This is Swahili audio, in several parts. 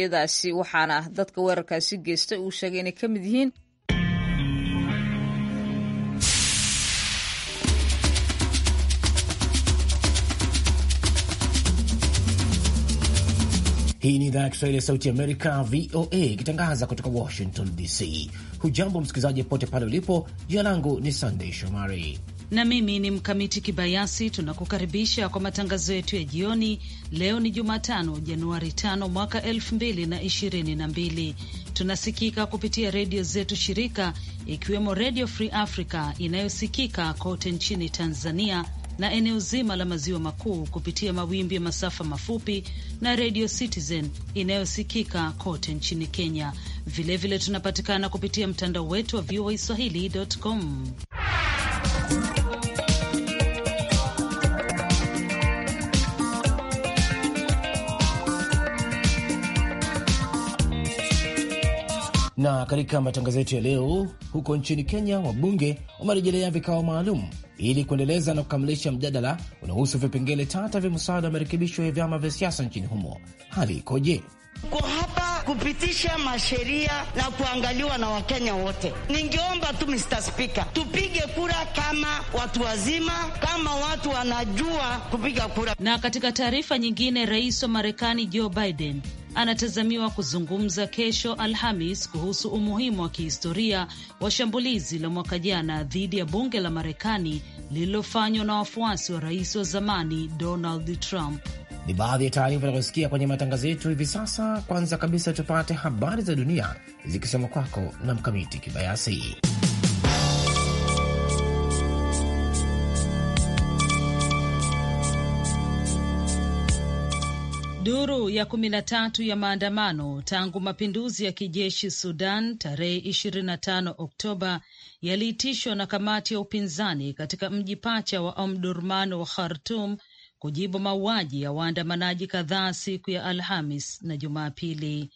yadaasi waxaana ah dadka weerarkaasi geysta uu sheegay inay ka mid yihiin Hii ni idhaa ya Kiswahili ya Sauti Amerika, VOA, ikitangaza kutoka Washington DC. Hujambo msikilizaji popote pale ulipo. Jina langu ni Sandey Shomari na mimi ni Mkamiti Kibayasi. Tunakukaribisha kwa matangazo yetu ya jioni. Leo ni Jumatano, Januari 5 mwaka 2022. Tunasikika kupitia redio zetu shirika, ikiwemo Redio Free Africa inayosikika kote nchini Tanzania na eneo zima la maziwa makuu kupitia mawimbi ya masafa mafupi na redio Citizen inayosikika kote nchini Kenya. Vilevile vile tunapatikana kupitia mtandao wetu wa VOA swahili.com. Na katika matangazo yetu ya leo, huko nchini Kenya, wabunge wamerejelea vikao maalum ili kuendeleza na kukamilisha mjadala unaohusu vipengele tata vya msaada wa marekebisho ya vyama vya siasa nchini humo. Hali ikoje? Kwa hapa kupitisha masheria na kuangaliwa na Wakenya wote. Ningeomba tu Mr. Speaker, tupige kura kama watu wazima, kama watu wanajua kupiga kura. Na katika taarifa nyingine, rais wa Marekani Joe Biden anatazamiwa kuzungumza kesho Alhamis kuhusu umuhimu wa kihistoria wa shambulizi la mwaka jana dhidi ya bunge la Marekani lililofanywa na wafuasi wa rais wa zamani Donald Trump. Ni baadhi ya taarifa inayosikia kwenye matangazo yetu hivi sasa. Kwanza kabisa, tupate habari za dunia zikisoma kwako na Mkamiti Kibayasi. Duru ya kumi na tatu ya maandamano tangu mapinduzi ya kijeshi Sudan tarehe 25 Oktoba yaliitishwa na kamati ya upinzani katika mji pacha wa Omdurman wa Khartum kujibu mauaji ya waandamanaji kadhaa siku ya Alhamis na Jumapili.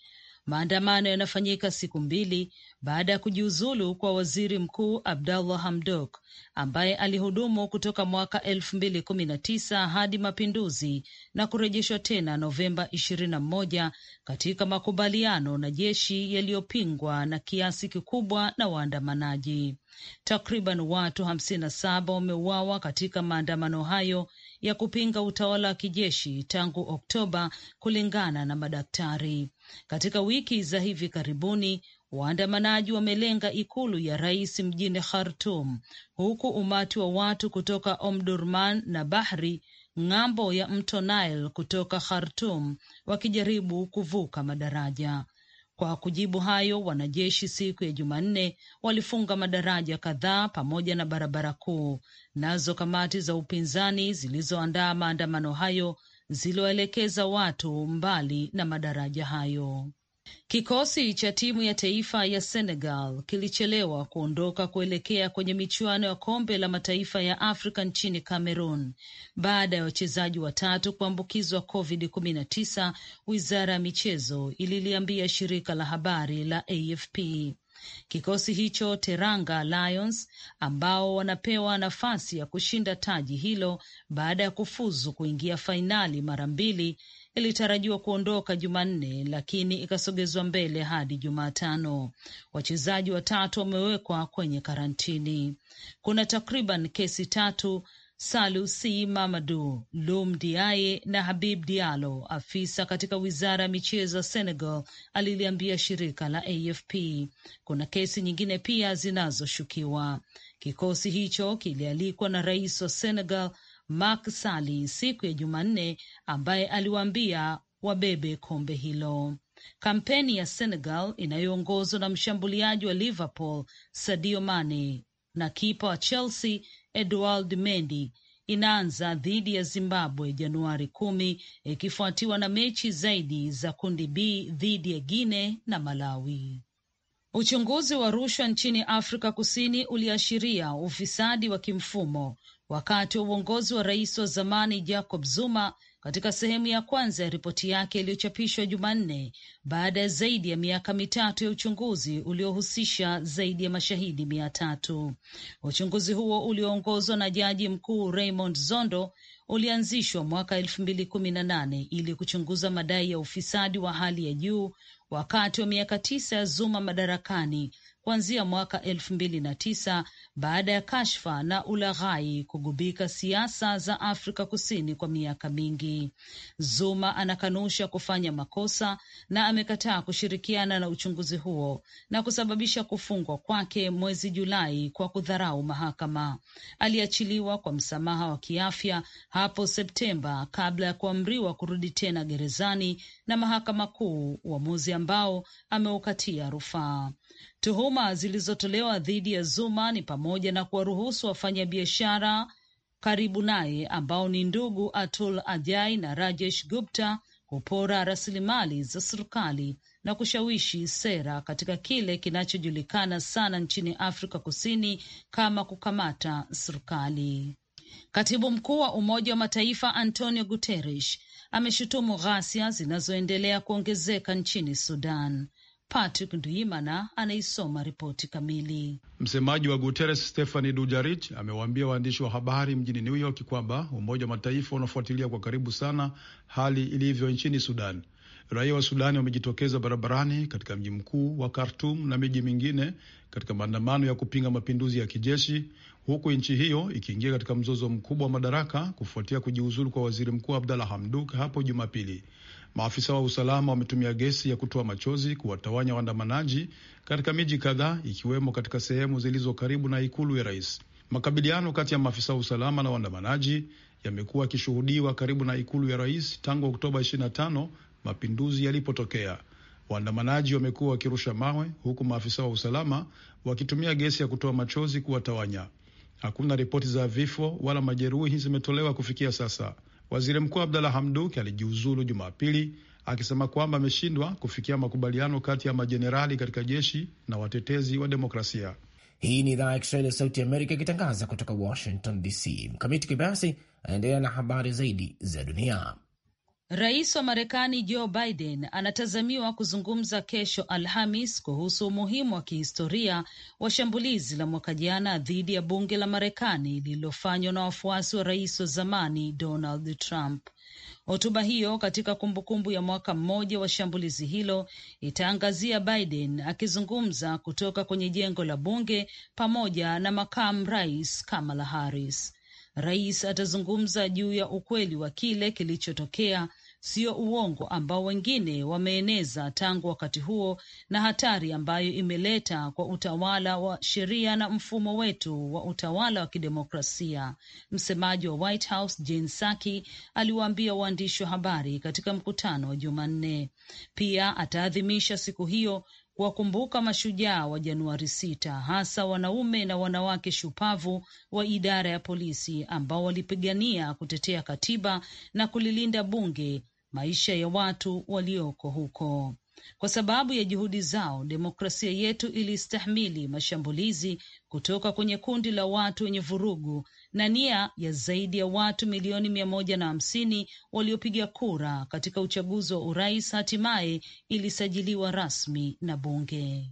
Maandamano yanafanyika siku mbili baada ya kujiuzulu kwa waziri mkuu Abdallah Hamdok ambaye alihudumu kutoka mwaka elfu mbili kumi na tisa hadi mapinduzi na kurejeshwa tena Novemba ishirini na moja katika makubaliano na jeshi yaliyopingwa na kiasi kikubwa na waandamanaji. Takriban watu hamsini na saba wameuawa katika maandamano hayo ya kupinga utawala wa kijeshi tangu Oktoba, kulingana na madaktari. Katika wiki za hivi karibuni, waandamanaji wamelenga ikulu ya rais mjini Khartum, huku umati wa watu kutoka Omdurman na Bahri ng'ambo ya mto Nile kutoka Khartum wakijaribu kuvuka madaraja. Kwa kujibu hayo, wanajeshi siku ya Jumanne walifunga madaraja kadhaa pamoja na barabara kuu. Nazo kamati za upinzani zilizoandaa maandamano hayo ziliwaelekeza watu mbali na madaraja hayo. Kikosi cha timu ya taifa ya Senegal kilichelewa kuondoka kuelekea kwenye michuano ya kombe la mataifa ya Afrika nchini Cameroon baada ya wachezaji watatu kuambukizwa COVID-19, wizara ya michezo ililiambia shirika la habari la AFP. Kikosi hicho Teranga Lions ambao wanapewa nafasi ya kushinda taji hilo baada ya kufuzu kuingia fainali mara mbili ilitarajiwa kuondoka Jumanne lakini ikasogezwa mbele hadi Jumatano. Wachezaji watatu wamewekwa kwenye karantini. Kuna takriban kesi tatu Salusi Mamadu, Lum Diaye na Habib Diallo, afisa katika wizara ya michezo ya Senegal aliliambia shirika la AFP. Kuna kesi nyingine pia zinazoshukiwa. Kikosi hicho kilialikwa na rais wa Senegal Mark Sali siku ya Jumanne, ambaye aliwaambia wabebe kombe hilo. Kampeni ya Senegal inayoongozwa na mshambuliaji wa Liverpool Sadio Mane na kipa wa Chelsea Edouard Mendy inaanza dhidi ya Zimbabwe Januari kumi, ikifuatiwa na mechi zaidi za kundi B dhidi ya Guinea na Malawi. Uchunguzi wa rushwa nchini Afrika Kusini uliashiria ufisadi wa kimfumo wakati wa uongozi wa rais wa zamani Jacob Zuma katika sehemu ya kwanza ya ripoti yake iliyochapishwa Jumanne baada ya zaidi ya miaka mitatu ya uchunguzi uliohusisha zaidi ya mashahidi mia tatu. Uchunguzi huo ulioongozwa na jaji mkuu Raymond Zondo ulianzishwa mwaka elfu mbili kumi na nane ili kuchunguza madai ya ufisadi wa hali ya juu wakati wa miaka tisa ya Zuma madarakani kuanzia mwaka elfu mbili na tisa baada ya kashfa na ulaghai kugubika siasa za Afrika Kusini kwa miaka mingi. Zuma anakanusha kufanya makosa na amekataa kushirikiana na uchunguzi huo na kusababisha kufungwa kwake mwezi Julai kwa kudharau mahakama. Aliachiliwa kwa msamaha wa kiafya hapo Septemba kabla ya kuamriwa kurudi tena gerezani na mahakama kuu, uamuzi ambao ameukatia rufaa. Tuhuma zilizotolewa dhidi ya Zuma ni pamoja na kuwaruhusu wafanyabiashara karibu naye ambao ni ndugu Atul Ajai na Rajesh Gupta kupora rasilimali za serikali na kushawishi sera katika kile kinachojulikana sana nchini Afrika Kusini kama kukamata serikali. Katibu mkuu wa Umoja wa Mataifa Antonio Guterres ameshutumu ghasia zinazoendelea kuongezeka nchini Sudan Patrick Nduimana anaisoma ripoti kamili. Msemaji wa Guterres Stephani Dujarric amewaambia waandishi wa habari mjini New York kwamba Umoja wa Mataifa unafuatilia kwa karibu sana hali ilivyo nchini Sudan. Raia wa Sudani wamejitokeza barabarani katika mji mkuu wa Khartum na miji mingine katika maandamano ya kupinga mapinduzi ya kijeshi, huku nchi hiyo ikiingia katika mzozo mkubwa wa madaraka kufuatia kujiuzulu kwa waziri mkuu Abdalla Hamduk hapo Jumapili. Maafisa wa usalama wametumia gesi ya kutoa machozi kuwatawanya waandamanaji katika miji kadhaa ikiwemo katika sehemu zilizo karibu na ikulu ya rais. Makabiliano kati ya maafisa wa usalama na waandamanaji yamekuwa yakishuhudiwa karibu na ikulu ya rais tangu Oktoba 25 mapinduzi yalipotokea. Waandamanaji wamekuwa wakirusha mawe huku maafisa wa usalama wakitumia gesi ya kutoa machozi kuwatawanya. Hakuna ripoti za vifo wala majeruhi zimetolewa kufikia sasa. Waziri Mkuu Abdalla Hamduk alijiuzulu Jumapili akisema kwamba ameshindwa kufikia makubaliano kati ya majenerali katika jeshi na watetezi wa demokrasia. Hii ni idhaa ya Kiswahili ya Sauti Amerika ikitangaza kutoka Washington DC. Mkamiti Kibayasi anaendelea na habari zaidi za dunia. Rais wa Marekani Joe Biden anatazamiwa kuzungumza kesho Alhamis kuhusu umuhimu wa kihistoria wa shambulizi la mwaka jana dhidi ya bunge la Marekani lililofanywa na wafuasi wa rais wa zamani Donald Trump. Hotuba hiyo katika kumbukumbu ya mwaka mmoja wa shambulizi hilo itaangazia Biden akizungumza kutoka kwenye jengo la bunge pamoja na makamu rais Kamala Harris. Rais atazungumza juu ya ukweli wa kile kilichotokea, sio uongo ambao wengine wameeneza tangu wakati huo, na hatari ambayo imeleta kwa utawala wa sheria na mfumo wetu wa utawala wa kidemokrasia. Msemaji wa White House Jen Psaki aliwaambia waandishi wa habari katika mkutano wa Jumanne. Pia ataadhimisha siku hiyo kuwakumbuka mashujaa wa Januari sita, hasa wanaume na wanawake shupavu wa idara ya polisi ambao walipigania kutetea katiba na kulilinda bunge, maisha ya watu walioko huko. Kwa sababu ya juhudi zao, demokrasia yetu ilistahimili mashambulizi kutoka kwenye kundi la watu wenye vurugu na nia ya zaidi ya watu milioni mia moja na hamsini waliopiga kura katika uchaguzi wa urais hatimaye ilisajiliwa rasmi na bunge.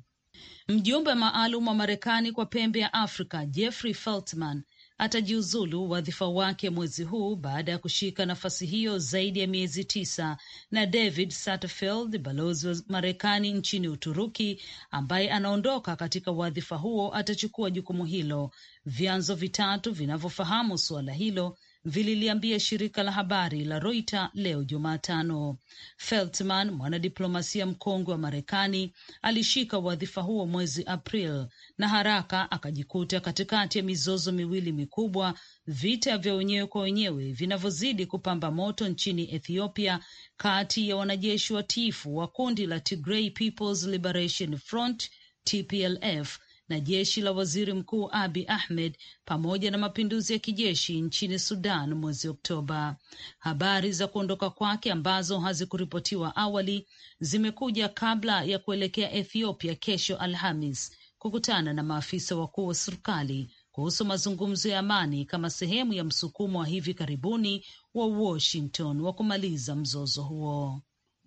Mjumbe maalum wa Marekani kwa pembe ya Afrika Jeffrey Feltman atajiuzulu wadhifa wake mwezi huu baada ya kushika nafasi hiyo zaidi ya miezi tisa, na David Satterfield, balozi wa Marekani nchini Uturuki ambaye anaondoka katika wadhifa huo, atachukua jukumu hilo. Vyanzo vitatu vinavyofahamu suala hilo vililiambia shirika la habari la Reuters leo Jumatano. Feltman, mwanadiplomasia mkongwe wa Marekani, alishika wadhifa huo mwezi April na haraka akajikuta katikati ya mizozo miwili mikubwa, vita vya wenyewe kwa wenyewe vinavyozidi kupamba moto nchini Ethiopia kati ya wanajeshi watiifu wa kundi la Tigray People's Liberation Front TPLF na jeshi la waziri mkuu Abi Ahmed pamoja na mapinduzi ya kijeshi nchini Sudan mwezi Oktoba. Habari za kuondoka kwake ambazo hazikuripotiwa awali zimekuja kabla ya kuelekea Ethiopia kesho Alhamis kukutana na maafisa wakuu wa serikali kuhusu mazungumzo ya amani kama sehemu ya msukumo wa hivi karibuni wa Washington wa kumaliza mzozo huo.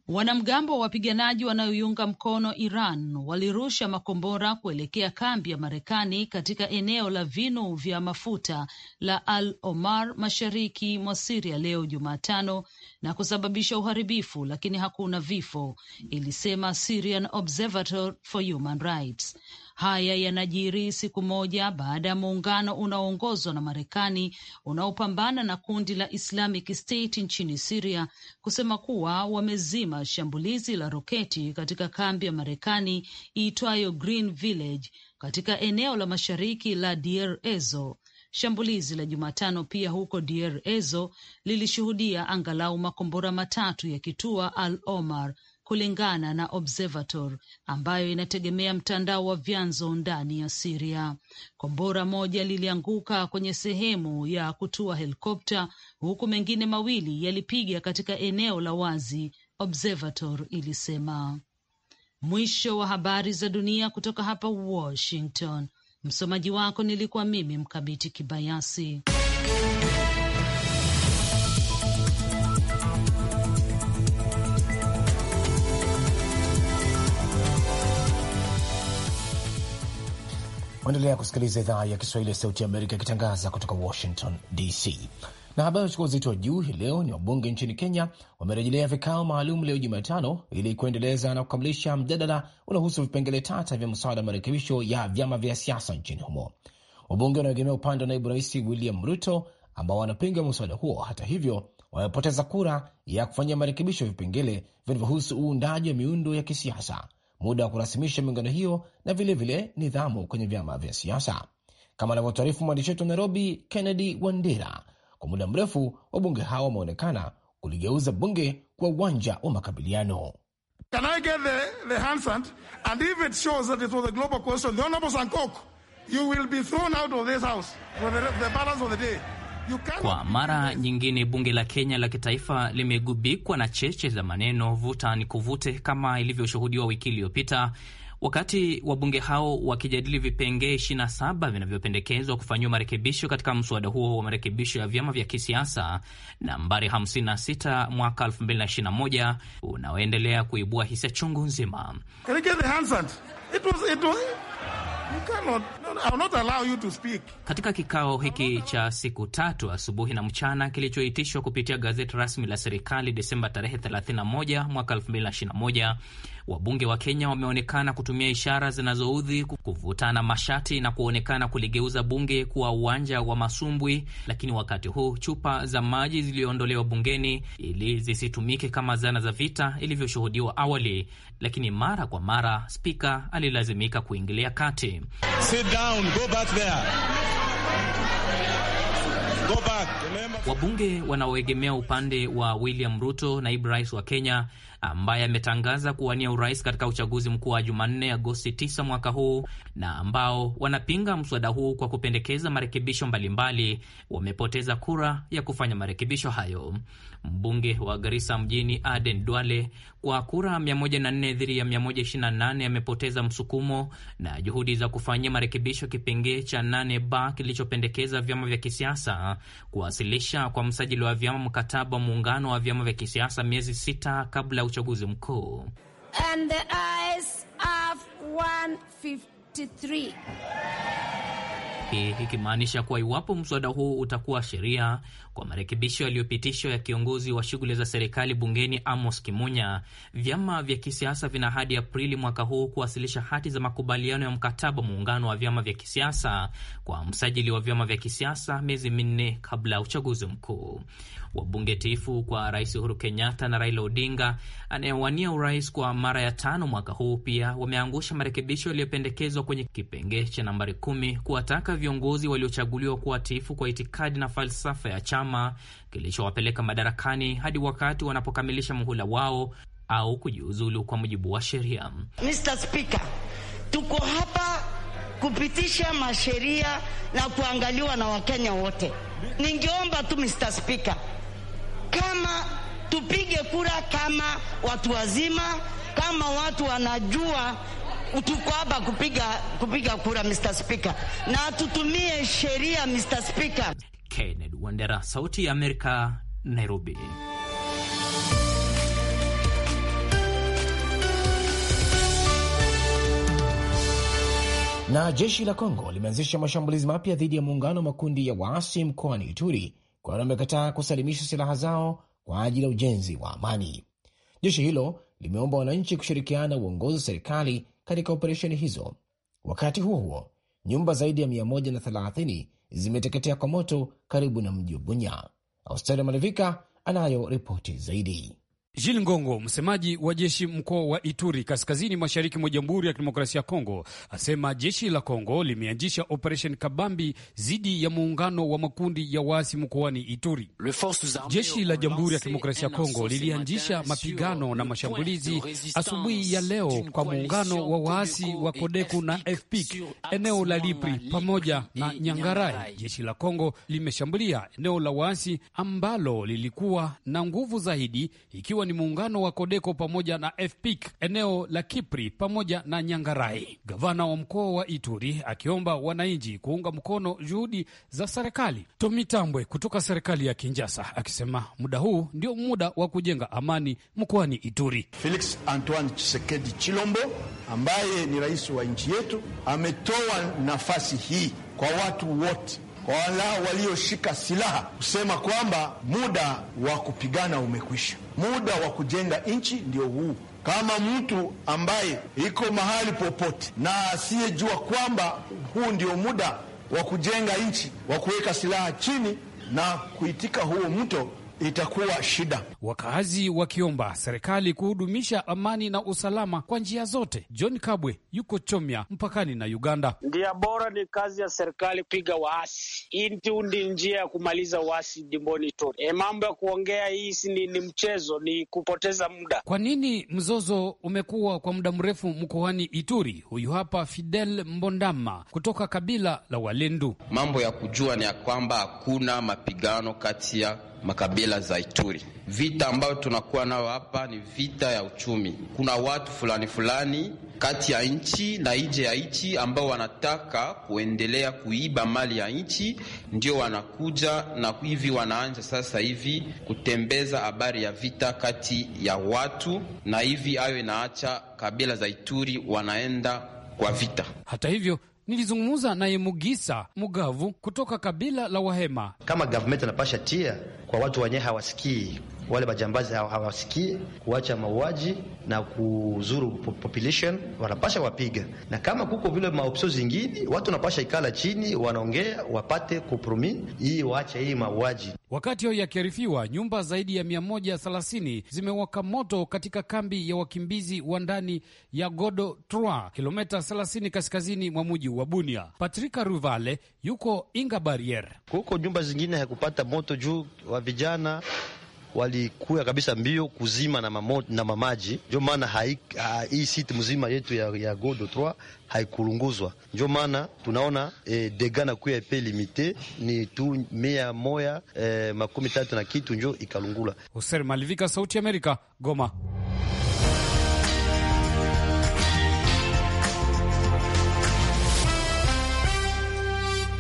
Wanamgambo wa wapiganaji wanaoiunga mkono Iran walirusha makombora kuelekea kambi ya Marekani katika eneo la vinu vya mafuta la Al Omar mashariki mwa Siria leo Jumatano na kusababisha uharibifu, lakini hakuna vifo, ilisema Syrian Observatory for Human Rights. Haya yanajiri siku moja baada ya muungano unaoongozwa na Marekani unaopambana na kundi la Islamic State nchini Siria kusema kuwa wamezima shambulizi la roketi katika kambi ya Marekani iitwayo Green Village katika eneo la mashariki la Deir ezo Shambulizi la Jumatano pia huko Deir ezo lilishuhudia angalau makombora matatu ya kitua Al Omar kulingana na Observator ambayo inategemea mtandao wa vyanzo ndani ya Siria. Kombora moja lilianguka kwenye sehemu ya kutua helikopta, huku mengine mawili yalipiga katika eneo la wazi, Observator ilisema. Mwisho wa habari za dunia kutoka hapa Washington. Msomaji wako nilikuwa mimi Mkamiti Kibayasi. Waendelea kusikiliza idhaa ya Kiswahili ya Sauti ya Amerika ikitangaza kutoka Washington DC. Na habari uchukua uzito wa juu hii leo ni wabunge nchini Kenya wamerejelea vikao maalum leo Jumatano ili kuendeleza na kukamilisha mjadala unaohusu vipengele tata vya mswada wa marekebisho ya vyama vya siasa nchini humo. Wabunge wanaoegemea upande wa naibu rais William Ruto ambao wanapinga mswada huo, hata hivyo, wamepoteza kura ya kufanyia marekebisho ya vipengele vinavyohusu uundaji wa miundo ya kisiasa muda wa kurasimisha miungano hiyo na vilevile vile nidhamu kwenye vyama vya siasa, kama anavyotaarifu mwandishi wetu wa Nairobi, Kennedy Wandera. Kwa muda mrefu wabunge hawa wameonekana kuligeuza bunge kwa uwanja wa makabiliano. Kwa mara nyingine bunge la Kenya la kitaifa limegubikwa na cheche za maneno vuta ni kuvute, kama ilivyoshuhudiwa wiki iliyopita wakati wabunge hao wakijadili vipengee 27 vinavyopendekezwa kufanyiwa marekebisho katika mswada huo wa marekebisho ya vyama vya kisiasa nambari 56 mwaka 2021 unaoendelea kuibua hisa chungu nzima. Cannot, no, not allow you to speak. Katika kikao hiki cha siku tatu asubuhi na mchana kilichoitishwa kupitia gazeti rasmi la serikali Desemba tarehe 31 mwaka 2021, wabunge wa Kenya wameonekana kutumia ishara zinazoudhi, kuvutana mashati na kuonekana kuligeuza bunge kuwa uwanja wa masumbwi. Lakini wakati huu chupa za maji ziliondolewa bungeni ili zisitumike kama zana za vita ilivyoshuhudiwa awali, lakini mara kwa mara spika alilazimika kuingilia kati back. Wabunge wanaoegemea upande wa William Ruto, naibu rais wa Kenya, ambaye ametangaza kuwania urais katika uchaguzi mkuu wa Jumanne, Agosti 9 mwaka huu, na ambao wanapinga mswada huu kwa kupendekeza marekebisho mbalimbali, wamepoteza kura ya kufanya marekebisho hayo. Mbunge wa Garisa mjini Aden Duale kwa kura 104 dhidi ya 128 amepoteza msukumo na juhudi za kufanyia marekebisho kipengee cha 8b kilichopendekeza vyama vya kisiasa kuwasilisha kwa msajili wa vyama mkataba wa muungano wa vyama vya kisiasa miezi sita kabla ya uchaguzi mkuu. And the eyes of 153. Hii ikimaanisha kuwa iwapo mswada huu utakuwa sheria, kwa marekebisho yaliyopitishwa ya kiongozi wa shughuli za serikali bungeni Amos Kimunya, vyama vya kisiasa vina hadi Aprili mwaka huu kuwasilisha hati za makubaliano ya mkataba muungano wa vyama vya kisiasa kwa msajili wa vyama vya kisiasa, miezi minne kabla ya uchaguzi mkuu wabunge tifu kwa Rais Uhuru Kenyatta na Raila Odinga anayewania urais kwa mara ya tano mwaka huu, pia wameangusha marekebisho yaliyopendekezwa kwenye kipengee cha nambari kumi kuwataka viongozi waliochaguliwa kuwa tifu kwa itikadi na falsafa ya chama kilichowapeleka madarakani hadi wakati wanapokamilisha muhula wao au kujiuzulu kwa mujibu wa sheria. Mr. Speaker, tuko hapa kupitisha masheria na kuangaliwa na Wakenya wote. Ningeomba tu Mr. Speaker kama tupige kura kama watu wazima, kama watu wanajua tuko hapa kupiga, kupiga kura Mr. Speaker, na tutumie sheria Mr. Speaker. Kennedy Wandera, Sauti ya Amerika, Nairobi. Na jeshi la Kongo limeanzisha mashambulizi mapya dhidi ya muungano wa makundi ya waasi mkoani Ituri kwani wamekataa kusalimisha silaha zao kwa ajili ya ujenzi wa amani. Jeshi hilo limeomba wananchi kushirikiana na uongozi wa serikali katika operesheni hizo. Wakati huo huo, nyumba zaidi ya 130 zimeteketea kwa moto karibu na mji wa Bunya. austeri Malivika anayo ripoti zaidi. Jil Ngongo, msemaji wa jeshi mkoa wa Ituri, kaskazini mashariki mwa Jamhuri ya Kidemokrasia ya Kongo, asema jeshi la Kongo limeanzisha operation kabambi dhidi ya muungano wa makundi ya waasi mkoani Ituri. Jeshi la Jamhuri ya Kidemokrasia ya Kongo lilianzisha mapigano na mashambulizi asubuhi ya leo kwa muungano wa waasi wa Kodeku na FPIC eneo la Lipri pamoja na Nyangarai. Jeshi la Kongo limeshambulia eneo la waasi ambalo lilikuwa na nguvu zaidi ikiwa ni muungano wa Kodeko pamoja na FPIC eneo la Kipri pamoja na Nyangarai. Gavana wa mkoa wa Ituri akiomba wananchi kuunga mkono juhudi za serikali. Tomi Tambwe kutoka serikali ya kinjasa akisema muda huu ndio muda wa kujenga amani mkoani Ituri. Felix Antoine chisekedi Chilombo ambaye ni rais wa nchi yetu ametoa nafasi hii kwa watu wote wala walioshika silaha kusema kwamba muda wa kupigana umekwisha, muda wa kujenga nchi ndio huu. Kama mtu ambaye iko mahali popote na asiyejua kwamba huu ndio muda wa kujenga nchi, wa kuweka silaha chini na kuitika huo mto itakuwa shida. Wakazi wakiomba serikali kuhudumisha amani na usalama kwa njia zote. John Kabwe yuko Chomya, mpakani na Uganda. Ndia bora ni kazi ya serikali kupiga waasi, hii ndi njia ya kumaliza waasi jimboni Ituri. E, mambo ya kuongea hii ni, ni mchezo, ni kupoteza muda. Kwa nini mzozo umekuwa kwa muda mrefu mkoani Ituri? Huyu hapa Fidel Mbondama kutoka kabila la Walendu. Mambo ya kujua ni ya kwamba hakuna mapigano kati ya makabila za Ituri. Vita ambayo tunakuwa nayo hapa ni vita ya uchumi. Kuna watu fulani fulani kati ya nchi na nje ya nchi ambao wanataka kuendelea kuiba mali ya nchi, ndio wanakuja na hivi wanaanja sasa hivi kutembeza habari ya vita kati ya watu, na hivi ayo inaacha kabila za Ituri wanaenda kwa vita. Hata hivyo Nilizungumza naye Mugisa Mugavu kutoka kabila la Wahema. Kama gavumenti anapasha tia kwa watu wenyewe hawasikii wale majambazi hawasikii kuacha mauaji na kuzuru population, wanapasha wapiga, na kama kuko vile maopsio zingine, watu wanapasha ikala chini, wanaongea wapate kompromi hii, waache hii mauaji. Wakati hiyo yakiarifiwa, nyumba zaidi ya 130 zimewaka moto katika kambi ya wakimbizi wa ndani ya Godo t kilometa 30 kaskazini mwa muji wa Bunia. Patrika Ruvale yuko Inga Barriere. Kuko nyumba zingine hakupata moto juu wa vijana walikuya kabisa mbio kuzima na, mamo, na mamaji. Ndio maana hii site mzima yetu ya, ya Godo 3 haikulunguzwa. Ndio maana tunaona e, eh, dega na kuya pe limite ni tu mia moya e, makumi tatu na kitu njo ikalungula. Hoser Malivika, Sauti ya Amerika, Goma.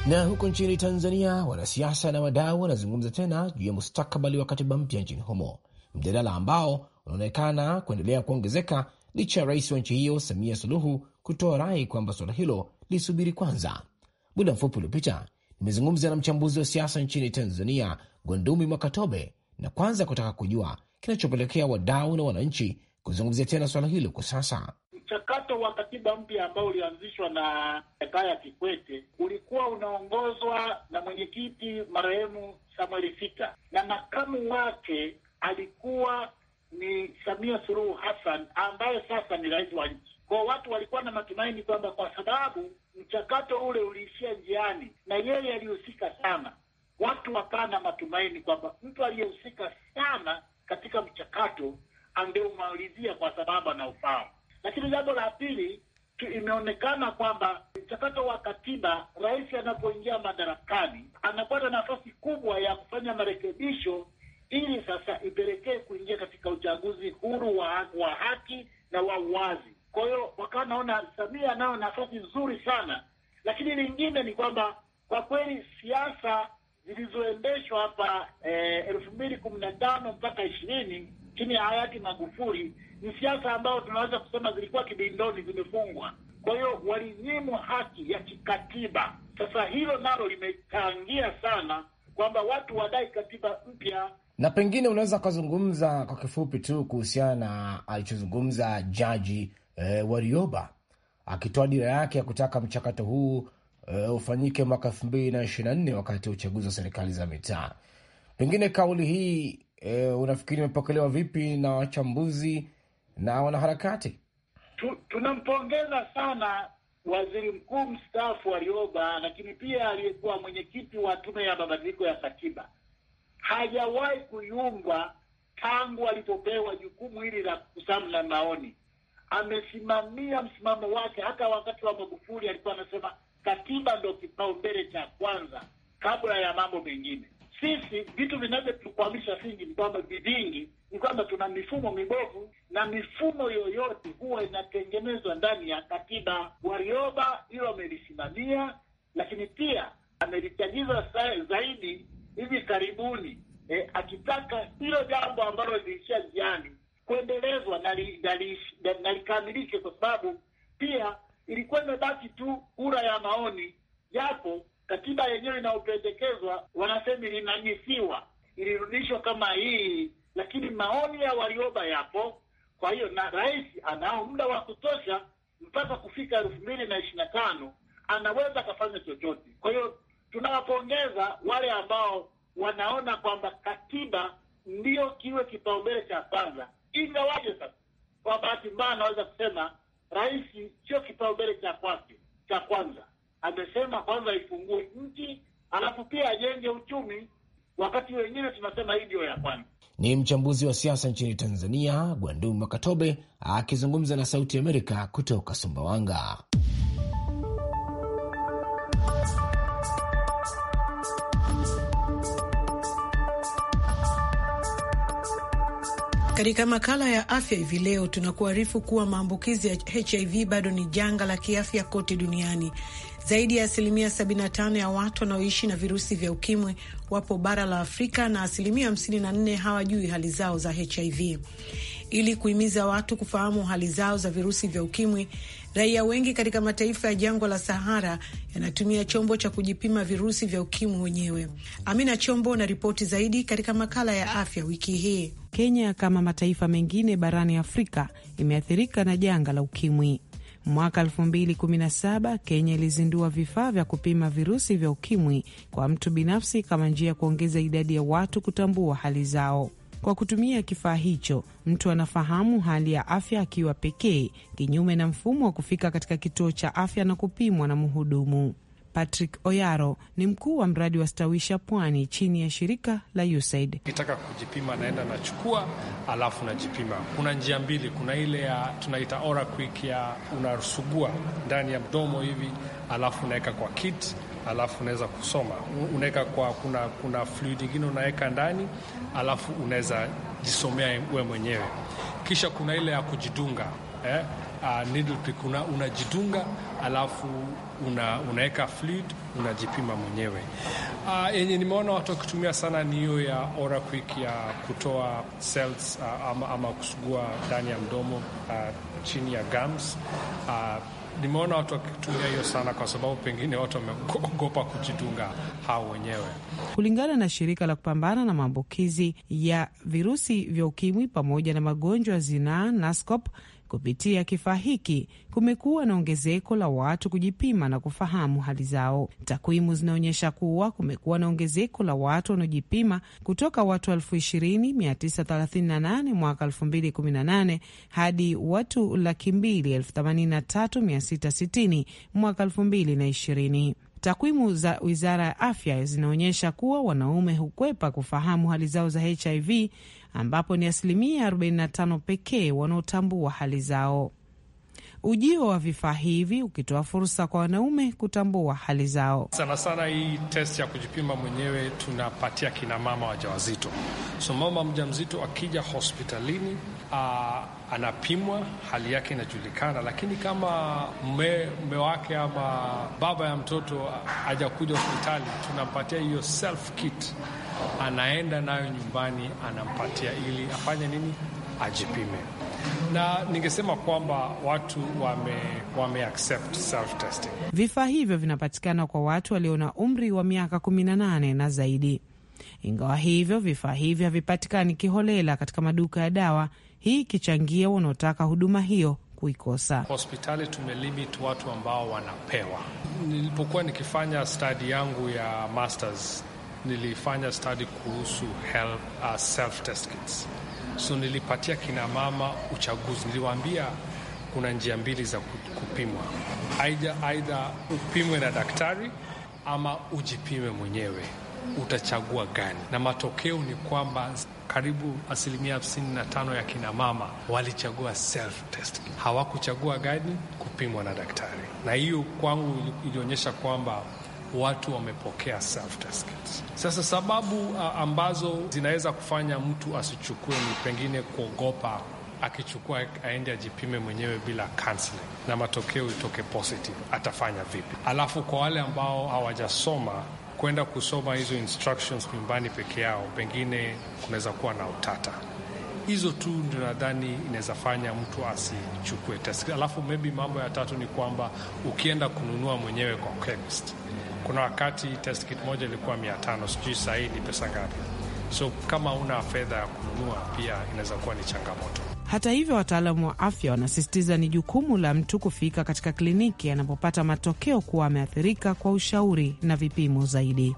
Na huko nchini Tanzania, wanasiasa na wadau wanazungumza tena juu ya mustakabali wa katiba mpya nchini humo, mjadala ambao unaonekana kuendelea kuongezeka licha ya rais wa nchi hiyo Samia Suluhu kutoa rai kwamba suala hilo lisubiri kwanza. Muda mfupi uliopita nimezungumza na mchambuzi wa siasa nchini Tanzania, Gwandumi Mwakatobe, na kwanza kutaka kujua kinachopelekea wadau na wananchi kuzungumzia tena swala hilo kwa sasa mchakato wa katiba mpya ambao ulianzishwa na Jakaya Kikwete ulikuwa unaongozwa na mwenyekiti marehemu Samuel Sita na makamu wake alikuwa ni Samia Suluhu Hassan ambaye sasa ni rais wa nchi. Kwa watu walikuwa na matumaini kwamba kwa sababu mchakato ule uliishia njiani na yeye alihusika sana, watu wakawa na matumaini kwamba mtu aliyehusika sana katika mchakato angeumalizia kwa sababu anaofahamu lakini jambo la pili, imeonekana kwamba mchakato wa katiba, rais anapoingia madarakani anapata nafasi kubwa ya kufanya marekebisho ili sasa ipelekee kuingia katika uchaguzi huru wa, wa haki na wa uwazi. Kwa hiyo wakawa naona Samia anayo nafasi nzuri sana, lakini lingine ni kwamba kwa kweli siasa zilizoendeshwa hapa eh, elfu mbili kumi na tano mpaka ishirini chini ya hayati Magufuli ni siasa ambayo tunaweza kusema zilikuwa kibindoni, zimefungwa. Kwa hiyo walinyimwa haki ya kikatiba. Sasa hilo nalo limechangia sana kwamba watu wadai katiba mpya. Na pengine unaweza ukazungumza kwa kifupi tu kuhusiana na alichozungumza jaji e, Warioba akitoa dira yake ya kutaka mchakato huu e, ufanyike mwaka elfu mbili na ishirini na nne wakati wa uchaguzi wa serikali za mitaa. Pengine kauli hii e, unafikiri imepokelewa vipi na wachambuzi na wanaharakati. Tu, tunampongeza sana waziri mkuu mstaafu Warioba, lakini pia aliyekuwa mwenyekiti wa tume ya mabadiliko ya katiba. Hajawahi kuyumbwa tangu alipopewa jukumu hili la kusamla maoni. Amesimamia msimamo wake. Hata wakati wa Magufuli alikuwa anasema katiba ndo kipaumbele cha kwanza kabla ya mambo mengine sisi vitu vinavyotukwamisha singi ni kwamba vivingi ni kwamba tuna mifumo mibovu, na mifumo yoyote huwa inatengenezwa ndani ya katiba. Warioba hilo amelisimamia, lakini pia amelichagiza zaidi hivi karibuni e, akitaka hilo jambo ambalo liliishia njiani kuendelezwa na likamilike, kwa sababu pia ilikuwa imebaki tu kura ya maoni, japo katiba yenyewe inayopendekezwa wanasema ilinajisiwa, ilirudishwa kama hii, lakini maoni ya Warioba yapo. Kwa hiyo na rais anao muda wa kutosha mpaka kufika elfu mbili na ishirini na tano anaweza akafanya chochote. Kwa hiyo tunawapongeza wale ambao wanaona kwamba katiba ndiyo kiwe kipaumbele cha kwanza, ingawaje sasa kwa bahati mbaya anaweza kusema rais sio kipaumbele cha kwake cha kwanza amesema kwanza ifungue nchi, alafu pia ajenge uchumi, wakati wengine tunasema hii ndio ya kwanza. Ni mchambuzi wa siasa nchini Tanzania, Gwanduma makatobe akizungumza na Sauti Amerika kutoka Sumbawanga. Katika makala ya afya hivi leo tunakuarifu kuwa maambukizi ya HIV bado ni janga la kiafya kote duniani, zaidi ya asilimia 75 ya watu wanaoishi na virusi vya ukimwi wapo bara la Afrika na asilimia 54 hawajui hali zao za HIV. Ili kuhimiza watu kufahamu hali zao za virusi vya ukimwi, raia wengi katika mataifa ya jangwa la Sahara yanatumia chombo cha kujipima virusi vya ukimwi wenyewe. Amina Chombo na ripoti zaidi katika makala ya afya wiki hii. Kenya kama mataifa mengine barani Afrika imeathirika na janga la ukimwi. Mwaka 2017 Kenya ilizindua vifaa vya kupima virusi vya ukimwi kwa mtu binafsi kama njia ya kuongeza idadi ya watu kutambua hali zao. Kwa kutumia kifaa hicho, mtu anafahamu hali ya afya akiwa pekee, kinyume na mfumo wa kufika katika kituo cha afya na kupimwa na mhudumu. Patrick Oyaro ni mkuu wa mradi wa Stawisha Pwani chini ya shirika la USAID. Ukitaka kujipima, naenda nachukua, alafu najipima. Kuna njia mbili, kuna ile ya tunaita Oraquick ya unasugua ndani ya mdomo hivi, alafu unaweka kwa kit alafu unaweza kusoma, unaweka kwa kuna, kuna fluid ingine unaweka ndani, alafu unaweza jisomea we mwenyewe. Kisha kuna ile ya kujidunga eh? uh, needle prick una, unajidunga alafu una, unaweka fluid unajipima mwenyewe. Uh, ah, yenye nimeona watu wakitumia sana ni hiyo ya ora quick ya kutoa cells uh, ama, ama kusugua ndani ya mdomo uh, chini ya gums uh, nimeona watu wakitumia hiyo sana kwa sababu pengine watu wameogopa kujidunga hao wenyewe. Kulingana na shirika la kupambana na maambukizi ya virusi vya ukimwi pamoja na magonjwa ya zinaa NASCOP Kupitia kifaa hiki kumekuwa na ongezeko la watu kujipima na kufahamu hali zao. Takwimu zinaonyesha kuwa kumekuwa na ongezeko la watu wanaojipima kutoka watu 20,938 mwaka 2018 hadi watu laki 2 83,660 mwaka 2020. Takwimu za Wizara ya Afya zinaonyesha kuwa wanaume hukwepa kufahamu hali zao za HIV ambapo ni asilimia 45 pekee wanaotambua hali zao. Ujio wa vifaa hivi ukitoa fursa kwa wanaume kutambua hali zao. Sana sana hii test ya kujipima mwenyewe tunapatia kinamama wajawazito. So mama mjamzito akija hospitalini a, anapimwa hali yake inajulikana, lakini kama mme, mme wake ama baba ya mtoto hajakuja hospitali tunampatia hiyo self kit anaenda nayo nyumbani, anampatia ili afanye nini? Ajipime. Na ningesema kwamba watu wame, wame accept self testing. Vifaa hivyo vinapatikana kwa watu walio na umri wa miaka 18 na zaidi. Ingawa hivyo vifaa hivyo havipatikani kiholela katika maduka ya dawa, hii ikichangia wanaotaka huduma hiyo kuikosa. Hospitali tumelimit watu ambao wanapewa. Nilipokuwa nikifanya stadi yangu ya masters nilifanya study kuhusu help, uh, self test kits. So nilipatia kina mama uchaguzi, niliwaambia kuna njia mbili za kupimwa, aidha aidha upimwe na daktari ama ujipime mwenyewe, utachagua gani? Na matokeo ni kwamba karibu asilimia 55 ya kina mama walichagua self test, hawakuchagua gani kupimwa na daktari, na hiyo kwangu ilionyesha kwamba watu wamepokea self test. Sasa sababu ambazo zinaweza kufanya mtu asichukue ni pengine kuogopa akichukua aende ajipime mwenyewe bila counseling na matokeo itoke positive, atafanya vipi? Alafu kwa wale ambao hawajasoma kwenda kusoma hizo instructions nyumbani peke yao, pengine kunaweza kuwa na utata. Hizo tu ndio nadhani inaweza fanya mtu asichukue test. Alafu maybe mambo ya tatu ni kwamba ukienda kununua mwenyewe kwa chemist kuna wakati test kit moja ilikuwa mia tano, sijui sahii ni pesa ngapi? So kama una fedha ya kununua pia inaweza kuwa ni changamoto. Hata hivyo, wataalamu wa afya wanasisitiza ni jukumu la mtu kufika katika kliniki anapopata matokeo kuwa ameathirika kwa ushauri na vipimo zaidi.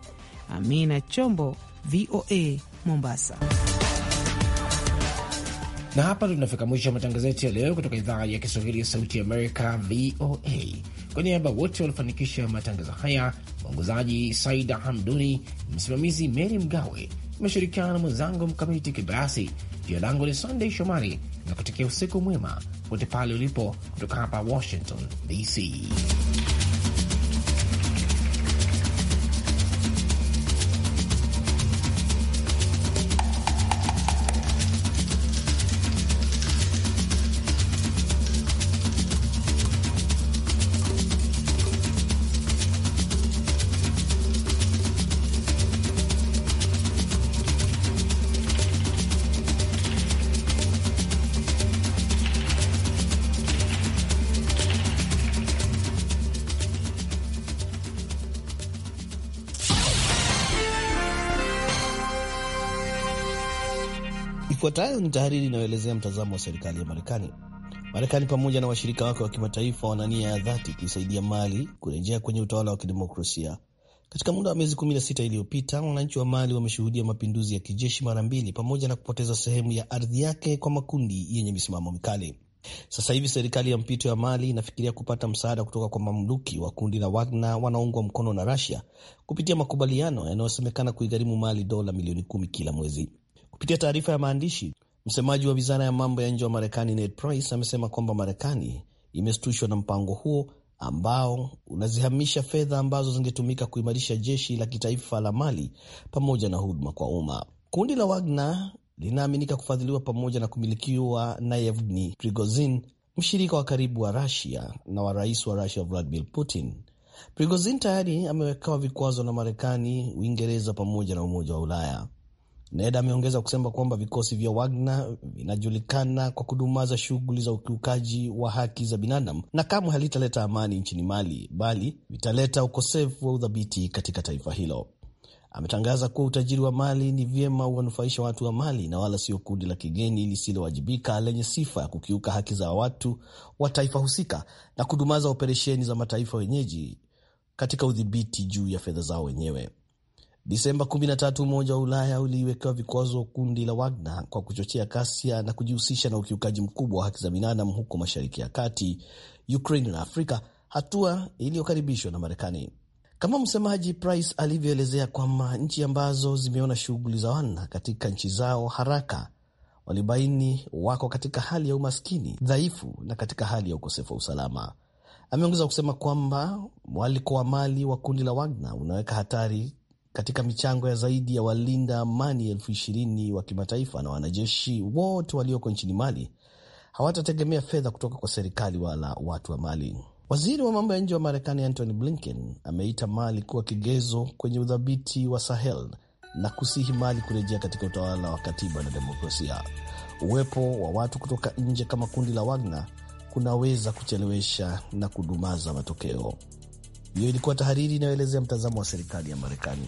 Amina Chombo, VOA, Mombasa. Na hapa tunafika mwisho wa matangazo yetu ya leo kutoka idhaa ya Kiswahili ya Sauti ya Amerika, VOA. Kwa niaba wote waliofanikisha matangazo haya, mwongozaji Saida Hamduni, msimamizi Meri Mgawe, imeshirikiana na mwenzangu Mkamiti Kibayasi. Jina langu ni Sandey Shomari na kutekea usiku mwema pote pale ulipo, kutoka hapa Washington DC. Ifuatayo ni tahariri inayoelezea mtazamo wa serikali ya Marekani. Marekani pamoja na washirika wake wa kimataifa wana nia ya dhati kuisaidia Mali kurejea kwenye utawala wa kidemokrasia. Katika muda wa miezi 16 iliyopita, wananchi wa Mali wameshuhudia mapinduzi ya kijeshi mara mbili pamoja na kupoteza sehemu ya ardhi yake kwa makundi yenye misimamo mikali. Sasa hivi serikali ya mpito ya Mali inafikiria kupata msaada kutoka kwa mamluki wa kundi la Wagner wanaoungwa mkono na Russia kupitia makubaliano yanayosemekana kuigharimu Mali dola milioni kumi kila mwezi. Kupitia taarifa ya maandishi, msemaji wa wizara ya mambo ya nje wa Marekani Ned Price amesema kwamba Marekani imeshtushwa na mpango huo ambao unazihamisha fedha ambazo zingetumika kuimarisha jeshi la kitaifa la Mali pamoja na huduma kwa umma. Kundi la Wagner linaaminika kufadhiliwa pamoja na kumilikiwa na Yevgeny Prigozhin, mshirika wa karibu wa Russia na wa rais wa Russia Vladimir Putin. Prigozhin tayari amewekewa vikwazo na Marekani, Uingereza pamoja na Umoja wa Ulaya. Ned ameongeza kusema kwamba vikosi vya Wagner vinajulikana kwa kudumaza shughuli za ukiukaji wa haki za binadamu na kamwe halitaleta amani nchini Mali, bali vitaleta ukosefu wa udhabiti katika taifa hilo. Ametangaza kuwa utajiri wa Mali ni vyema uwanufaisha watu wa Mali na wala sio kundi la kigeni lisilowajibika lenye sifa ya kukiuka haki za watu wa taifa husika na kudumaza operesheni za mataifa wenyeji katika udhibiti juu ya fedha zao wenyewe. Disemba 13 Umoja wa Ulaya uliwekewa vikwazo kundi la Wagner kwa kuchochea ghasia na kujihusisha na ukiukaji mkubwa wa haki za binadamu huko Mashariki ya Kati, Ukraine na Afrika, hatua iliyokaribishwa na Marekani. Kama msemaji Price alivyoelezea kwamba nchi ambazo zimeona shughuli za wana katika nchi zao haraka walibaini wako katika hali ya umaskini dhaifu na katika hali ya ukosefu wa usalama. Ameongeza kusema kwamba mwaliko wa mali wa kundi la Wagner unaweka hatari katika michango ya zaidi ya walinda amani elfu ishirini wa kimataifa na wanajeshi wote walioko nchini Mali hawatategemea fedha kutoka kwa serikali wala watu wa Mali. Waziri wa mambo ya nje wa Marekani Antony Blinken ameita Mali kuwa kigezo kwenye udhabiti wa Sahel na kusihi Mali kurejea katika utawala wa katiba na demokrasia. Uwepo wa watu kutoka nje kama kundi la Wagner kunaweza kuchelewesha na kudumaza matokeo. Hiyo ilikuwa tahariri inayoelezea mtazamo wa serikali ya Marekani.